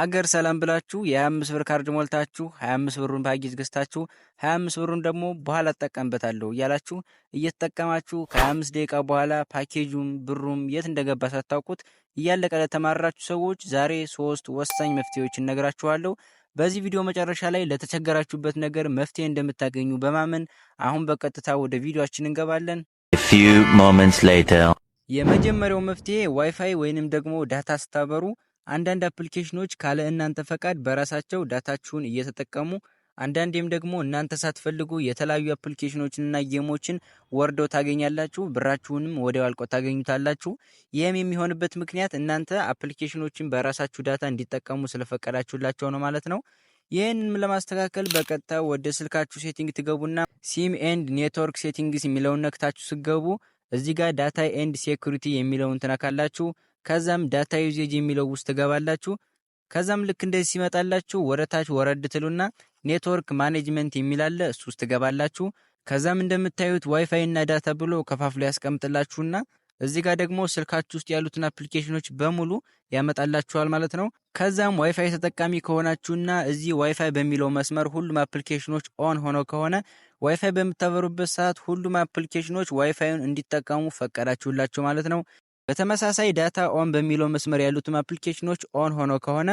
አገር ሰላም ብላችሁ የ25 ብር ካርድ ሞልታችሁ 25 ብሩን በሀጊዝ ገዝታችሁ 25 ብሩን ደግሞ በኋላ እጠቀምበታለሁ እያላችሁ እየተጠቀማችሁ ከ25 ደቂቃ በኋላ ፓኬጁም ብሩም የት እንደገባ ሳታውቁት እያለቀ ለተማራችሁ ሰዎች ዛሬ ሶስት ወሳኝ መፍትሄዎች እነግራችኋለሁ። በዚህ ቪዲዮ መጨረሻ ላይ ለተቸገራችሁበት ነገር መፍትሄ እንደምታገኙ በማመን አሁን በቀጥታ ወደ ቪዲዮአችን እንገባለን። የመጀመሪያው መፍትሄ ዋይፋይ ወይንም ደግሞ ዳታ ስታበሩ አንዳንድ አፕሊኬሽኖች ካለ እናንተ ፈቃድ በራሳቸው ዳታችሁን እየተጠቀሙ አንዳንዴም ደግሞ እናንተ ሳትፈልጉ የተለያዩ አፕሊኬሽኖችንና ጌሞችን ወርደው ታገኛላችሁ። ብራችሁንም ወደ ዋልቆ ታገኙታላችሁ። ይህም የሚሆንበት ምክንያት እናንተ አፕሊኬሽኖችን በራሳችሁ ዳታ እንዲጠቀሙ ስለፈቀዳችሁላቸው ነው ማለት ነው። ይህንም ለማስተካከል በቀጥታ ወደ ስልካችሁ ሴቲንግ ትገቡና ሲም ኤንድ ኔትወርክ ሴቲንግስ የሚለውን ነክታችሁ ስገቡ እዚህ ጋር ዳታ ኤንድ ሴኩሪቲ የሚለውን ትነካላችሁ። ከዛም ዳታ ዩዜጅ የሚለው ውስጥ ትገባላችሁ። ከዛም ልክ እንደዚህ ሲመጣላችሁ ወረታች ወረድ ትሉና ኔትወርክ ማኔጅመንት የሚልለ እሱ ውስጥ ትገባላችሁ። ከዛም እንደምታዩት ዋይፋይ እና ዳታ ብሎ ከፋፍሎ ያስቀምጥላችሁና እዚህ ጋር ደግሞ ስልካችሁ ውስጥ ያሉትን አፕሊኬሽኖች በሙሉ ያመጣላችኋል ማለት ነው። ከዛም ዋይፋይ ተጠቃሚ ከሆናችሁና እዚህ ዋይፋይ በሚለው መስመር ሁሉም አፕሊኬሽኖች ኦን ሆነው ከሆነ ዋይፋይ በምታበሩበት ሰዓት ሁሉም አፕሊኬሽኖች ዋይፋዩን እንዲጠቀሙ ፈቀዳችሁላቸው ማለት ነው። በተመሳሳይ ዳታ ኦን በሚለው መስመር ያሉትም አፕሊኬሽኖች ኦን ሆኖ ከሆነ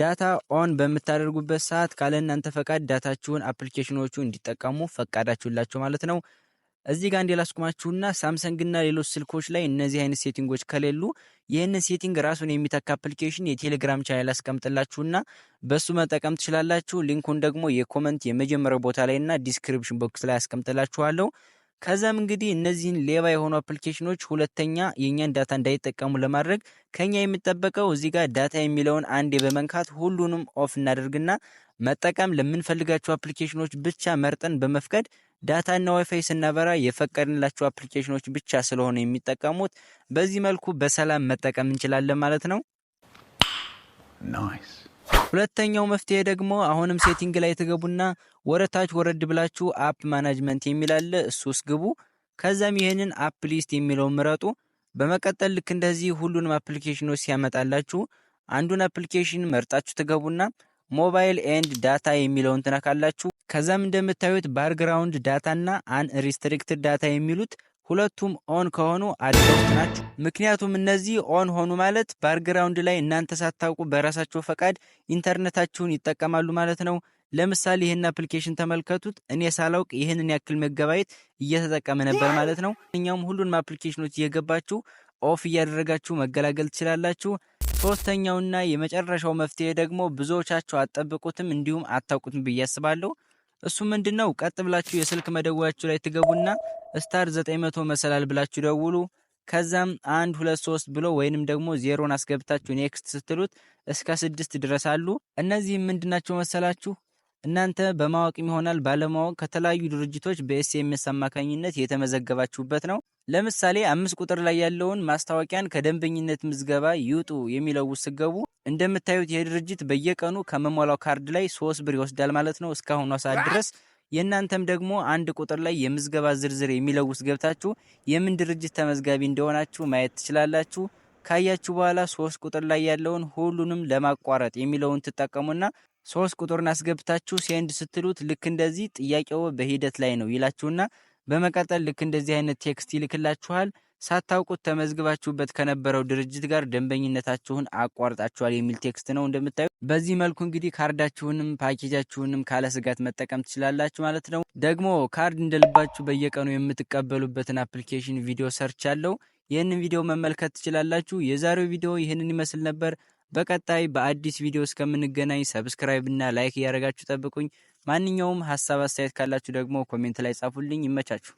ዳታ ኦን በምታደርጉበት ሰዓት ካለ እናንተ ፈቃድ ዳታችሁን አፕሊኬሽኖቹ እንዲጠቀሙ ፈቃዳችሁላቸው ማለት ነው። እዚህ ጋር እንዲላስቁማችሁና ሳምሰንግና ሌሎች ስልኮች ላይ እነዚህ አይነት ሴቲንጎች ከሌሉ ይህንን ሴቲንግ ራሱን የሚተካ አፕሊኬሽን የቴሌግራም ቻናል አስቀምጥላችሁና በእሱ መጠቀም ትችላላችሁ። ሊንኩን ደግሞ የኮመንት የመጀመሪያው ቦታ ላይና ዲስክሪፕሽን ቦክስ ላይ አስቀምጥላችኋለሁ። ከዛም እንግዲህ እነዚህን ሌባ የሆኑ አፕሊኬሽኖች ሁለተኛ የእኛን ዳታ እንዳይጠቀሙ ለማድረግ ከኛ የሚጠበቀው እዚህ ጋር ዳታ የሚለውን አንዴ በመንካት ሁሉንም ኦፍ እናደርግና መጠቀም ለምንፈልጋቸው አፕሊኬሽኖች ብቻ መርጠን በመፍቀድ ዳታና ዋይፋይ ስናበራ የፈቀድንላቸው አፕሊኬሽኖች ብቻ ስለሆነ የሚጠቀሙት በዚህ መልኩ በሰላም መጠቀም እንችላለን ማለት ነው። ናይስ ሁለተኛው መፍትሄ ደግሞ አሁንም ሴቲንግ ላይ ትገቡና ወረታች ወረድ ብላችሁ አፕ ማናጅመንት የሚል እሱ ውስጥ ግቡ። ከዛም ይህንን አፕ ሊስት የሚለውን ምረጡ። በመቀጠል ልክ እንደዚህ ሁሉንም አፕሊኬሽኖች ሲያመጣላችሁ አንዱን አፕሊኬሽን መርጣችሁ ትገቡና ሞባይል ኤንድ ዳታ የሚለውን ትነካላችሁ። ከዛም እንደምታዩት ባክግራውንድ ዳታና አንሪስትሪክትድ ዳታ የሚሉት ሁለቱም ኦን ከሆኑ አዲሶች ናቸው። ምክንያቱም እነዚህ ኦን ሆኑ ማለት ባርግራውንድ ላይ እናንተ ሳታውቁ በራሳቸው ፈቃድ ኢንተርኔታችሁን ይጠቀማሉ ማለት ነው። ለምሳሌ ይህን አፕሊኬሽን ተመልከቱት። እኔ ሳላውቅ ይህንን ያክል መገባየት እየተጠቀመ ነበር ማለት ነው። እኛውም ሁሉንም አፕሊኬሽኖች እየገባችሁ ኦፍ እያደረጋችሁ መገላገል ትችላላችሁ። ሶስተኛውና የመጨረሻው መፍትሄ ደግሞ ብዙዎቻችሁ አጠብቁትም እንዲሁም አታውቁትም ብዬ አስባለሁ። እሱ ምንድነው? ቀጥ ብላችሁ የስልክ መደወያችሁ ላይ ትገቡና ስታር 900 መሰላል ብላችሁ ደውሉ። ከዛም አንድ ሁለት ሶስት ብሎ ወይንም ደግሞ ዜሮን አስገብታችሁ ኔክስት ስትሉት እስከ ስድስት ድረስ አሉ። እነዚህ ምንድናቸው መሰላችሁ? እናንተ በማወቅም ይሆናል ባለማወቅ ከተለያዩ ድርጅቶች በኤስኤምኤስ አማካኝነት የተመዘገባችሁበት ነው። ለምሳሌ አምስት ቁጥር ላይ ያለውን ማስታወቂያን ከደንበኝነት ምዝገባ ይውጡ የሚለው ስገቡ እንደምታዩት ይህ ድርጅት በየቀኑ ከመሞላው ካርድ ላይ ሶስት ብር ይወስዳል ማለት ነው እስካሁኗ ሰዓት ድረስ። የእናንተም ደግሞ አንድ ቁጥር ላይ የምዝገባ ዝርዝር የሚለው ገብታችሁ የምን ድርጅት ተመዝጋቢ እንደሆናችሁ ማየት ትችላላችሁ። ካያችሁ በኋላ ሶስት ቁጥር ላይ ያለውን ሁሉንም ለማቋረጥ የሚለውን ትጠቀሙና ሶስት ቁጥርን አስገብታችሁ ሴንድ ስትሉት ልክ እንደዚህ ጥያቄው በሂደት ላይ ነው ይላችሁና በመቀጠል ልክ እንደዚህ አይነት ቴክስት ይልክላችኋል። ሳታውቁት ተመዝግባችሁበት ከነበረው ድርጅት ጋር ደንበኝነታችሁን አቋርጣችኋል የሚል ቴክስት ነው እንደምታዩ። በዚህ መልኩ እንግዲህ ካርዳችሁንም ፓኬጃችሁንም ካለ ስጋት መጠቀም ትችላላችሁ ማለት ነው። ደግሞ ካርድ እንደልባችሁ በየቀኑ የምትቀበሉበትን አፕሊኬሽን ቪዲዮ ሰርች አለው። ይህንን ቪዲዮ መመልከት ትችላላችሁ። የዛሬው ቪዲዮ ይህንን ይመስል ነበር። በቀጣይ በአዲስ ቪዲዮ እስከምንገናኝ ሰብስክራይብ እና ላይክ እያደረጋችሁ ጠብቁኝ። ማንኛውም ሀሳብ አስተያየት ካላችሁ ደግሞ ኮሜንት ላይ ጻፉልኝ። ይመቻችሁ።